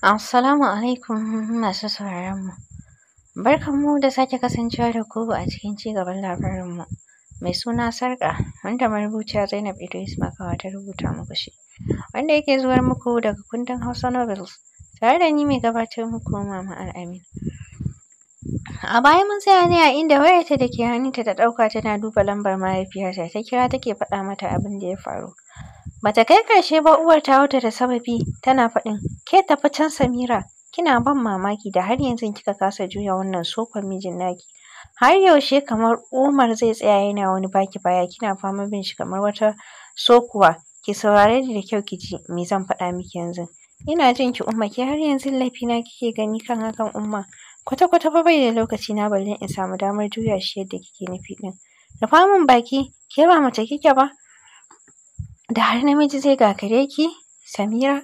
Assalamu alaikum masu sauraronmu. Barkanmu da sake kasancewa da ku a cikin cigaban labarinmu mai suna Sarka, wanda marubuciya Zainab Idris Makawa ta rubuta muku shi. Wanda yake zuwar muku daga kundin Hausa Novels tare da ni mai gabatar muku Mama Al'amin. A baya mun tsaya ne a inda wayarta da ke hannunta ta ɗauka tana duba lambar mahaifiyarta ta kira take faɗa mata abin da ya faru. Bata kai ƙarshe ba uwar ta wuta da sababi tana faɗin ke tafi can Samira kina ban mamaki da har yanzu kika kasa juya wannan sokon mijin naki. Har yaushe kamar Umar zai tsaya yana wani baki baya kina fama bin shi kamar wata sokuwa ki saurare ni da kyau ki ji me zan faɗa miki yanzu. Ina jin ki Umma ke har yanzu na kike gani kan hakan Umma kwata kwata fa bai da lokaci na balle in samu damar juya shi yadda kike nufi ɗin. Rufa min baki ke ba mace kike ba da har namiji zai gagare ki Samira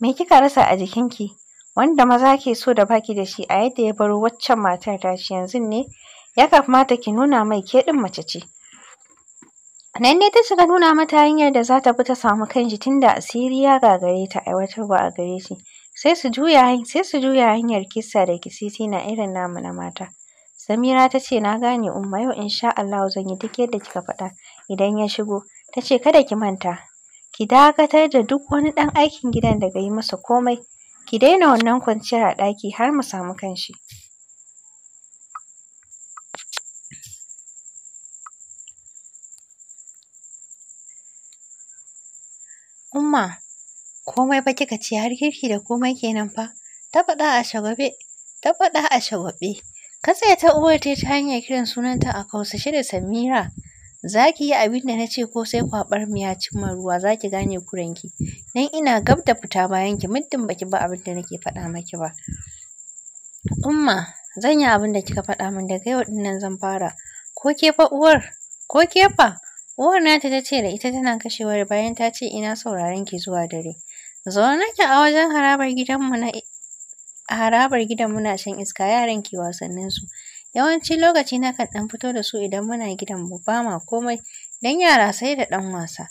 Me kika rasa a jikinki wanda maza ke so da baki da shi a yadda ya baro waccan matar tashi yanzu ne ya kamata ki nuna mai ke din mace ce. Nan ne ta shiga nuna mata hanyar da za ta bi ta samu kanshi da asiri ya gagare ta aiwatarwa a gare shi. Sai su juya sai su juya hanyar kisa da kisisi na irin namu na mata. Samira ta ce na gane Umma yau insha Allah zan yi duk yadda kika faɗa idan ya shigo. Ta ce kada ki manta ki dakatar da duk wani ɗan aikin gidan daga yi masa komai ki daina wannan kwanciyar a ɗaki har mu samu kanshi umma komai fa kika ce har kirki da komai kenan fa ta faɗa a shagwabe ta faɗa a shagwabe tsaya ta uwar ta hanyar kiran sunanta a kausashe da samira za ki yi abin da na ce ko sai kwaɓar mu ya cimma ruwa za ki gane kuranki nan ina gab da fita bayan ki muddin baki ba abin da nake faɗa maki ba umma zan yi abin da kika faɗa min daga yau ɗin nan zan fara ko ke fa uwar ko ke fa uwar nata ta ce da ita tana kashewar bayan ta ce ina sauraron ki zuwa dare zaune nake a wajen harabar gidanmu na harabar gidanmu na shan iska yaran ki wasannin su Yawancin lokaci nakan ɗan fito da su idan muna gidanmu ba ma komai don yara sai da ɗan wasa.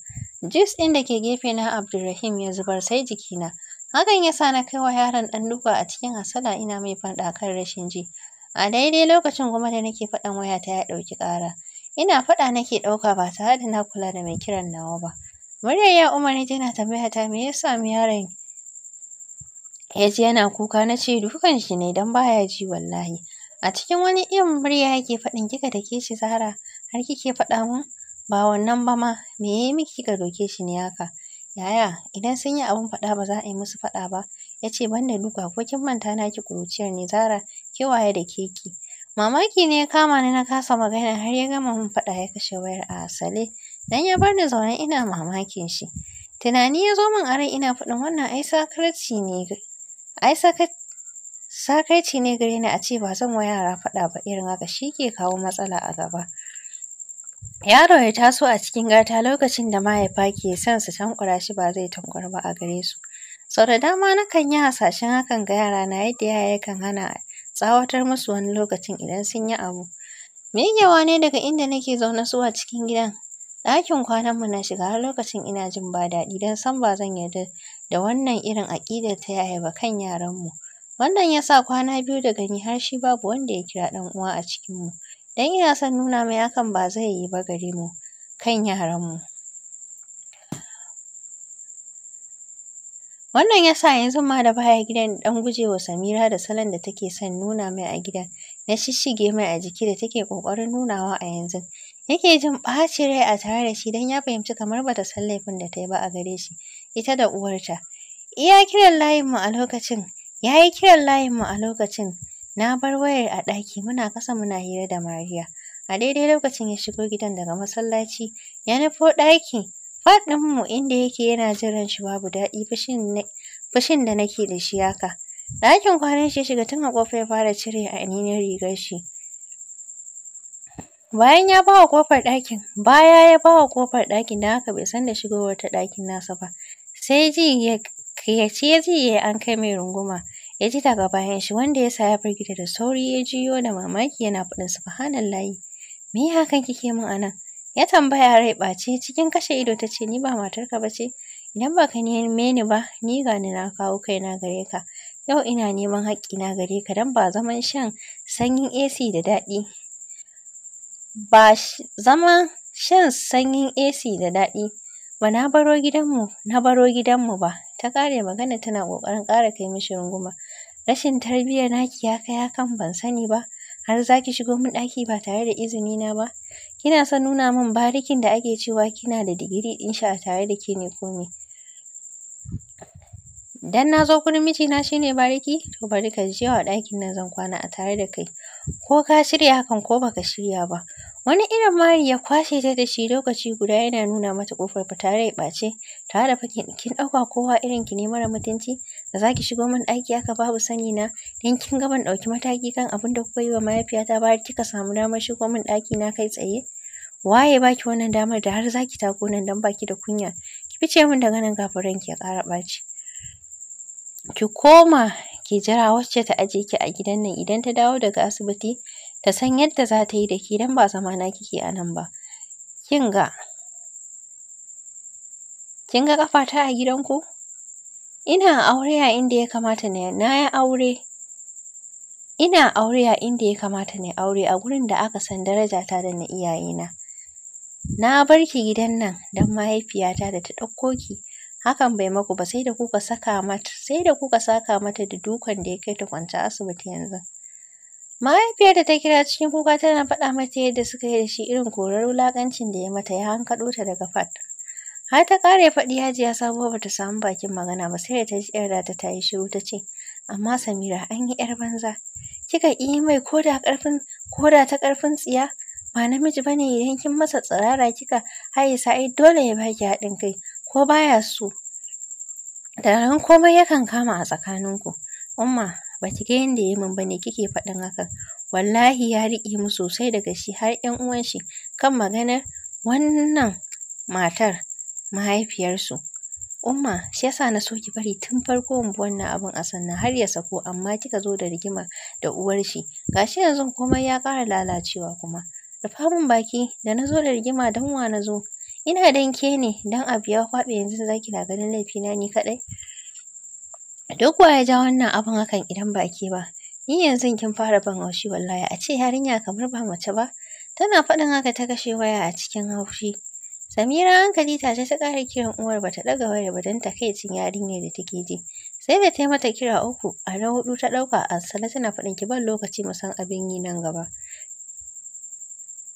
Jus ɗin da ke gefe na Abdulrahim ya zubar sai jikina. Hakan ya sa na kai wa yaron ɗan duka a cikin hasala ina mai faɗa kan rashin ji. A daidai lokacin kuma da nake faɗan wayata ya ɗauki ƙara. Ina faɗa nake ɗauka ba tare da na kula da mai kiran nawa ba. Muryar ya umarni tana tambaya ta me yasa mu yaron ya ji yana kuka na ce dukan shi ne don baya ji wallahi. A cikin wani irin murya yake faɗin kika dake shi Zahra har kike faɗa mun ba wannan ba ma me yayi miki kika doke shi ne haka. Yaya idan sun yi abun faɗa ba za a yi musu faɗa ba ya ce banda duka ko kin manta na ki kuruciyar ne Zahra ke waye da keki. Mamaki ne ya kama ni na kasa magana har ya gama mun faɗa ya kashe wayar a asale dan ya bar ni zaune ina mamakin shi. Tunani ya zo min a rai ina faɗin wannan ai sakarci ne ai Sakaici ne gare ni a ce ba zan wa yara faɗa ba irin haka shi ke kawo matsala a gaba. Yaro ya taso a cikin gata lokacin da mahaifa ke son su tankura shi ba zai tankura ba a gare su. Sau da dama nakan yi hasashen hakan ga yara na yadda yaya yakan hana tsawatar musu wani lokacin idan sun yi abu. wa ne daga inda nake zaune zuwa cikin gidan. ɗakin mu na shiga har lokacin ina jin ba daɗi don san ba zan yarda da wannan irin aƙidar ta yaya ba kan mu Wannan yasa kwana biyu da gani har shi babu wanda ya kira ɗan uwa a cikinmu. Don ina son nuna mai hakan ba zai yi ba gare mu kan yaranmu. Wannan ya sa yanzu ma da baya gidan ɗan gujewa Samira da salon da take son nuna mai a gida na shishshige mai a jiki da take ƙoƙarin nunawa a yanzu. Yake jin ɓacin rai a tare da shi don ya fahimci kamar bata san laifin da ta yi ba a gare shi, ita da uwarta. Iya kiran layinmu a lokacin Ya yi kiran layinmu a lokacin, na bar wayar a ɗaki muna kasa muna hira da Mariya. A daidai lokacin ya shigo gidan daga masallaci, ya nufo ɗaki. Faɗinmu inda yake yana jiran shi babu daɗi fushin da nake da shi haka. Ɗakin kwanan shi ya shiga tun a ƙofar ya fara cire ainihin rigar shi. Bayan ya bawa ƙofar ɗakin, baya ya bawa ƙofar ɗakin da haka bai san da shigowar ta ɗakin nasa ba. Sai ji ya Rikici ya ji ya an kai mai runguma. Ya ji daga bayan shi wanda ya sa ya firgita da sauri ya jiyo da mamaki yana faɗin subhanallahi. Me ya hakan kike min anan? Ya tambaya rai ɓace cikin kashe ido ta ce ni ba matarka ba ce. Idan ba ka neme ni ba ni ga ni na kawo kaina gare ka. Yau ina neman haƙƙina gare ka don ba zaman shan sanyin AC da daɗi. Ba zaman shan sanyin AC da daɗi. ba na baro gidanmu na baro gidanmu ba Ta kare magana tana ƙoƙarin kara kai mishi runguma. Rashin tarbiyyar naki ya kai hakan ban sani ba. Har za ki shigo min ɗaki ba tare da izini na ba? Kina son nuna min barikin da ake cewa kina da digiri din sha tare da ke ne ko me? Dan na zo gurin mijina shine bariki? To bari ka je wa ɗakin nan zan kwana a tare da kai. Ko ka shirya hakan ko baka shirya ba. Wani irin mari ya kwashe ta da shi lokaci guda yana nuna mata ƙofar fita rai ɓace. tare da fakin kin ɗauka kowa irin ki ne mara mutunci da zaki ki shigo min ɗaki aka babu sani na don kin ga ban ɗauki mataki kan abin da kuka yi wa mahaifiyata ba har kika samu damar shigo min ɗaki na kai tsaye waye baki wannan damar da har za ki tako nan don baki da kunya ki fice min daga nan kafin ranki ya ƙara ɓaci ki koma ki jira wacce ta aje ki a gidan nan idan ta dawo daga asibiti ta san yadda za ta yi da ki dan ba zamana kike a nan ba. Kin ga Kin ga ƙafata a gidanku? Ina aure a inda ya kamata na yi aure. Ina aure a inda ya kamata na aure a gurin da aka san daraja ta da na iyayena. Na bar ki gidan nan don mahaifiyata da ta ɗauko ki. Hakan bai maku ba sai da kuka saka mata, sai da kuka saka mata da dukan da ya kai ta kwance asibiti yanzu. Mahaifiyar da ta kira cikin kuka tana faɗa mata yadda suka yi da shi irin korar wulaƙancin da ya mata ya hankaɗo ta daga fat. Har ta ƙara faɗi Hajiya Sabuwa ba ta samu bakin magana ba sai da ta ji ‘yar da ta yi shiru ta ce, Amma Samira an yi ‘yar banza, kika yi mai koda ta ƙarfin tsiya, ba namiji bane idan kin masa tsirara kika haye sa'i dole ya baki haɗin kai ko baya so. Da ran komai yakan kama a tsakaninku. Umma, ba ki ga yadda ya min ba ne kike faɗin hakan. Wallahi ya riƙe mu sosai daga shi har ‘yan uwan shi kan maganar wannan matar. mahaifiyarsu. Umma shi yasa na so ki bari tun farko in bi wannan abin a sannan har ya sako amma kika zo da rigima da uwar shi. Gashi yanzu komai ya ƙara lalacewa kuma. Rufa min baki da na zo da rigima dan wa na zo. Ina dan ke ne don abu ya kwaɓe yanzu za ki na ganin laifina ni kaɗai. Duk wa ya ja wannan abin hakan idan ba ke ba. Ni yanzu kin fara ban haushi wallahi a ce yarinya kamar ba mace ba. Tana faɗin haka ta kashe waya a cikin haushi. Samira hankali ce ta ƙara kiran uwar bata ɗaga wayar ba don takaicin yarinyar da take ji. Sai da ta yi mata kira uku a na hudu ta ɗauka a sale tana faɗin ki ban lokaci mu san abin yi nan gaba.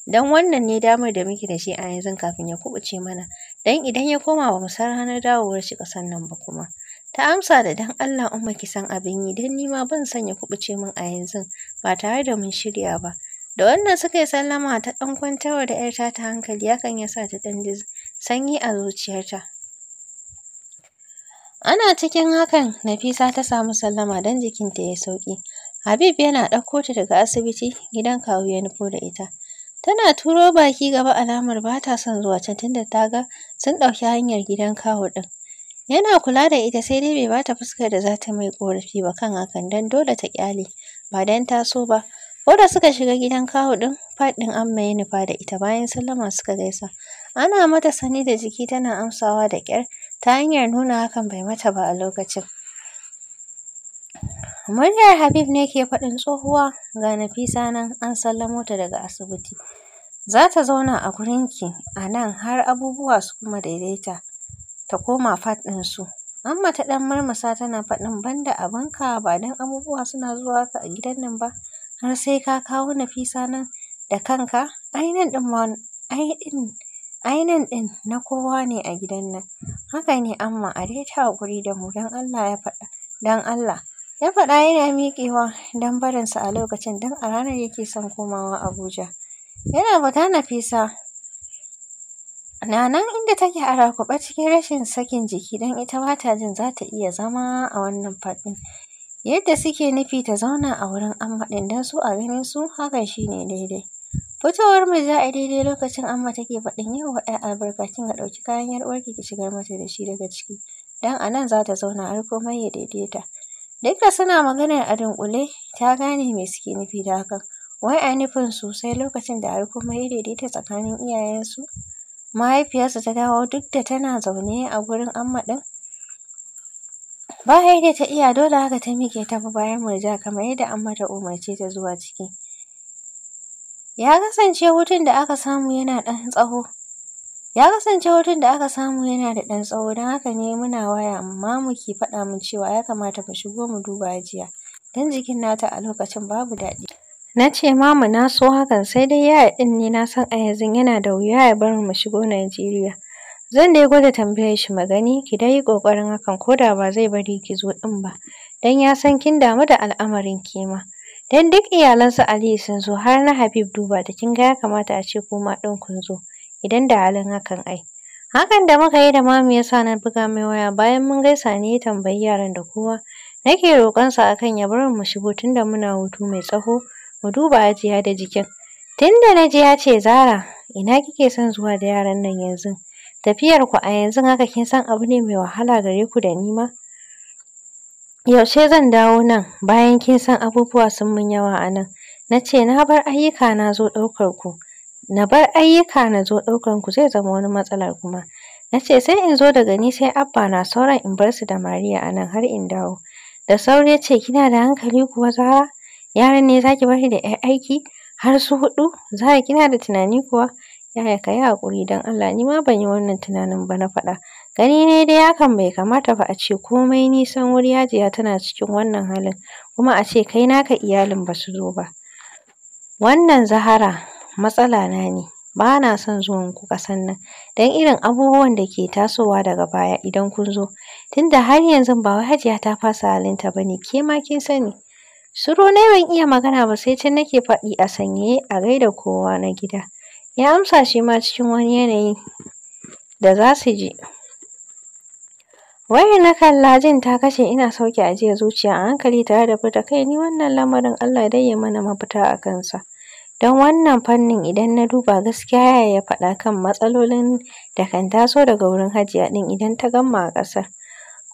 Don wannan ne damar da muke da shi a yanzu kafin ya kubuce mana. Don idan ya koma ba mu san ranar dawowar shi kasan nan ba kuma. Ta amsa da dan Allah umma ki san abin yi don ni ma ban son ya kubuce min a yanzu ba tare da mun shirya ba. Da wannan suka yi sallama ta ɗan kwantarwa da ‘yarta ta hankali hakan ya sa ta ɗan ji sanyi a zuciyarta. Ana cikin hakan Nafisa ta samu sallama don jikinta ya sauƙi. Habib yana ɗauko ta daga asibiti gidan kawu ya nufo da ita. Tana turo baki gaba alamar ba ta son zuwa can tunda ta ga sun ɗauki hanyar gidan kawu ɗin. Yana kula da ita sai dai bai ba ta fuskar da za ta mai ƙorafi ba kan hakan don dole ta ƙyale ba don ta so ba. Koda suka shiga gidan kawu ɗin, fat ɗin Amma ya nufa da ita bayan sallama suka gaisa. Ana mata sani da jiki tana amsawa da ƙyar, ta hanyar nuna hakan bai mata ba a lokacin. Muryar Habib ne ke faɗin tsohuwa ga Nafisa nan an sallamo ta daga asibiti. Za ta zauna a gurinki a nan har abubuwa su kuma daidaita, ta koma fat ɗinsu. Amma ta ɗan murmusa tana faɗin banda abinka ba don abubuwa suna zuwa haka a gidan nan ba. har sai ka kawo Nafisa nan da kanka? Ai nan ɗin na kowa ne a gidan nan. Haka ne amma a dai ta haƙuri da mu don Allah ya faɗa don Allah. Ya faɗa yana miƙewa don barinsa a lokacin don a ranar yake son komawa Abuja. Yana fita Nafisa nanan inda take a rakuɓe cikin rashin sakin jiki don ita ba ta jin za ta iya zama a wannan faɗin. yadda suke nufi ta zauna a wurin amma ɗin don su a ganin su hakan shi ne daidai. Fitowar mu za a daidai lokacin amma take faɗin yau wa ‘ya'ya albarkacin ka ɗauki kayan ‘yar uwarki ki shigar mata da shi daga ciki don a nan za ta zauna har komai ya daidaita. Duk da suna maganar a dunƙule ta gane me suke nufi da hakan. Wai a nufin su lokacin da har komai ya daidaita tsakanin iyayensu mahaifiyarsu ta dawo duk da tana zaune a gurin amma ɗin Ba da ta iya dole haka ta miƙe ta bayan murja kamar yadda Amma ta umarce ta zuwa ciki. Ya kasance hutun da aka samu yana ɗan tsawo. Ya kasance hutun da aka samu yana da ɗan tsawo don haka ne muna waya amma muke faɗa min cewa ya kamata mu shigo mu duba jiya don jikin nata a lokacin babu daɗi. Na ce mamu na so hakan sai dai yaya ɗin ne na san a yanzu yana da wuya ya bar mu shigo Najeriya. Zan dai gwada tambayar shi magani ki dai yi ƙoƙarin hakan ko da ba zai bari ki zo ɗin ba don ya san kin damu da al'amarin kima. dan Don duk iyalansu Aliyu sun zo har na Habib duba da kin ga ya kamata a ce kuma ɗin kun zo idan da halin hakan ai. Hakan da muka yi da mamu ya sa na buga mai waya bayan mun gaisa ne ya tambayi yaran da kowa. Nake roƙonsa akan ya bar mu shigo tunda muna hutu mai tsaho mu duba ajiya da jikin. Tunda na ji ya ce Zara ina kike son zuwa da yaran nan yanzu? Tafiyar ku a yanzu haka kin san abu ne mai wahala gare ku da ni ma. Yaushe zan dawo nan bayan kin san abubuwa sun mun yawa a nan. Na ce na bar ayyuka na zo ɗaukar ku. Na bar ayyuka na zo ɗaukar ku zai zama wani matsalar kuma. Na ce sai in zo daga ni sai abba na sauran in bar su da Mariya a nan har in dawo. Da sauri ya ce kina da hankali kuwa Zara? Yaran ne zaki bari da 'yar aiki har su huɗu? Zara kina da tunani kuwa? yaya ka yi hakuri don Allah ni ma ban yi wannan tunanin ba na faɗa gani ne dai hakan bai kamata ba a ce komai nisan wuri hajiya tana cikin wannan halin kuma a ce kai naka iyalin ba su zo ba wannan zahara matsala na ne ba na son zuwan ku ƙasan nan don irin abubuwan da ke tasowa daga baya idan kun zo tunda har yanzu ba wai hajiya ta fasa halinta ba ne ke ma kin sani shiru ne ban iya magana ba sai can nake faɗi a sanye a gaida kowa na gida Ya amsa shi ma cikin wani yanayi da za su ji. Wayar na kalla jin ta kashe ina sauke a jiya zuciya a hankali tare da furta kai ni wannan lamarin Allah dai ya mana mafita a kansa. Don wannan fannin idan na duba gaskiya ya ya faɗa kan matsalolin da kan taso daga wurin hajiya din idan ta gama a ƙasar.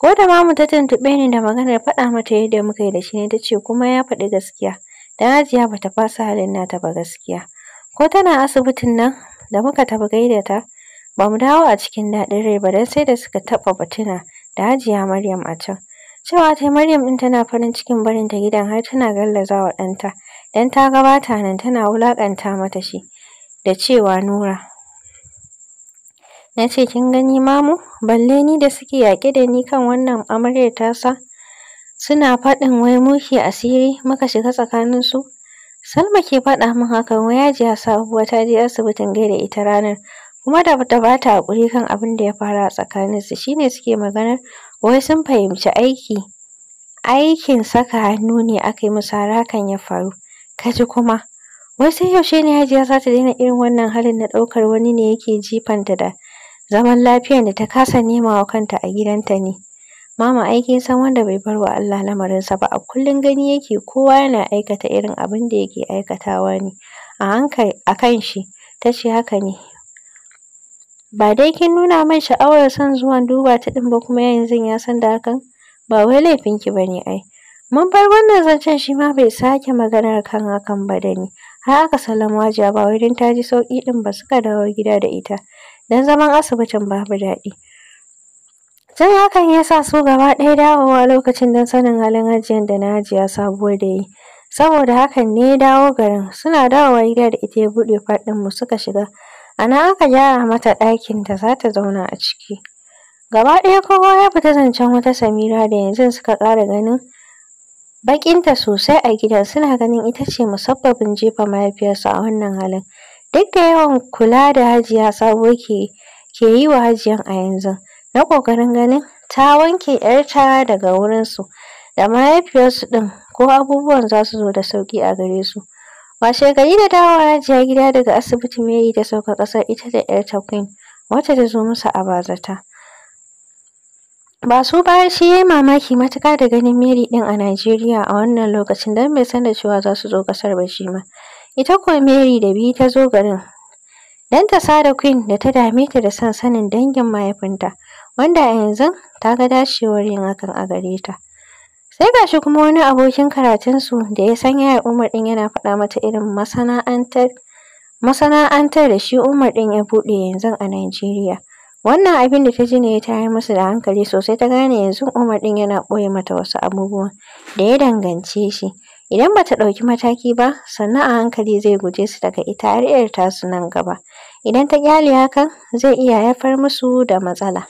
Ko da mamu ta tuntuɓe ni da maganar faɗa mata yadda muka yi da shi ne ta ce kuma ya faɗi gaskiya. Don hajiya ba ta fasa halin nata ba gaskiya. ko tana asibitin nan da muka tafi gaida ta ba mu dawo a cikin daɗin rai ba don sai da suka taɓa batuna da hajiya maryam a can cewa ta maryam ɗin tana farin cikin barin ta gidan har tana gallaza wa ɗanta don ta gabata nan tana wulaƙanta mata shi da cewa nura na ce kin gani mamu balle ni da suke yaƙe da ni kan wannan amaryar tasa suna faɗin wai mushi asiri muka shiga tsakaninsu Salma ke faɗa min hakan wai ya Sabuwa ta je asibitin gaida ita ranar kuma da bata ba ta haƙuri kan abin da ya faru a tsakaninsu shine suke maganar wai sun fahimci aiki aikin saka hannu ne aka yi musu har ya faru ka ji kuma wai sai yaushe ne Hajiya za ta daina irin wannan halin na ɗaukar wani ne yake jifanta da zaman lafiyar da ta kasa nema wa kanta a gidanta ne Mama ai kin san wanda bai bar wa Allah lamarinsa ba a kullum gani yake kowa yana aikata irin abin da yake aikatawa ne a hankali a kan shi ta ce haka ne ba dai kin nuna min sha'awar son zuwan duba ta ɗin ba kuma yanzu ya san da hakan ba wai laifinki ba ne ai mun bar wannan zancen shi ma bai sake maganar kan hakan ba da ni har aka sallama hajiya ba wai don ta ji sauƙi ɗin ba suka dawo gida da ita don zaman asibitin babu daɗi Jin hakan ya sa su gaba ɗaya dawowa lokacin don sanin halin hajiyar da na hajiya sabuwar da yi. Saboda hakan ne ya dawo garin, suna dawowa gida da ita ya buɗe mu suka shiga. A nan aka gyara mata ɗakin da za ta zauna a ciki. Gaba ɗaya kowa ya fita zancen wata Samira da yanzu suka ƙara ganin baƙinta sosai a gidan suna ganin ita ce musabbabin jefa mahaifiyarsu a wannan halin. Duk da yawan kula da hajiya Sabo ke yi wa hajiyan a yanzu, na ƙoƙarin ganin ta wanke 'yarta daga wurinsu da mahaifiyarsu ɗin ko abubuwan za su zo da sauƙi a gare su. Washegari da dawowa jiya gida daga asibiti Mary ta sauka ƙasar ita da 'yarta Queen wata ta zo musu a bazata. Ba su ba shi ya yi mamaki matuka da ganin Mary ɗin a Najeriya a wannan lokacin don bai san da cewa za su zo ƙasar ba shi ma. Ita kuwa Mary da biyu ta zo garin don ta sada Queen da ta dame ta da son sanin dangin mahaifinta. wanda a yanzu ta ga dacewar yin hakan a gare ta. Sai ga shi kuma wani abokin karatunsu da ya san yaya Umar ɗin yana faɗa mata irin masana'antar da shi Umar ɗin ya buɗe yanzu a Najeriya. Wannan abin da ta ji ne ya tayar musu da hankali sosai ta gane yanzu Umar ɗin yana ɓoye mata wasu abubuwan da ya dangance shi. Idan bata ɗauki mataki ba, sannan a hankali zai guje su daga ita har 'yar tasu nan gaba. Idan ta ƙyale hakan, zai iya haifar musu da matsala.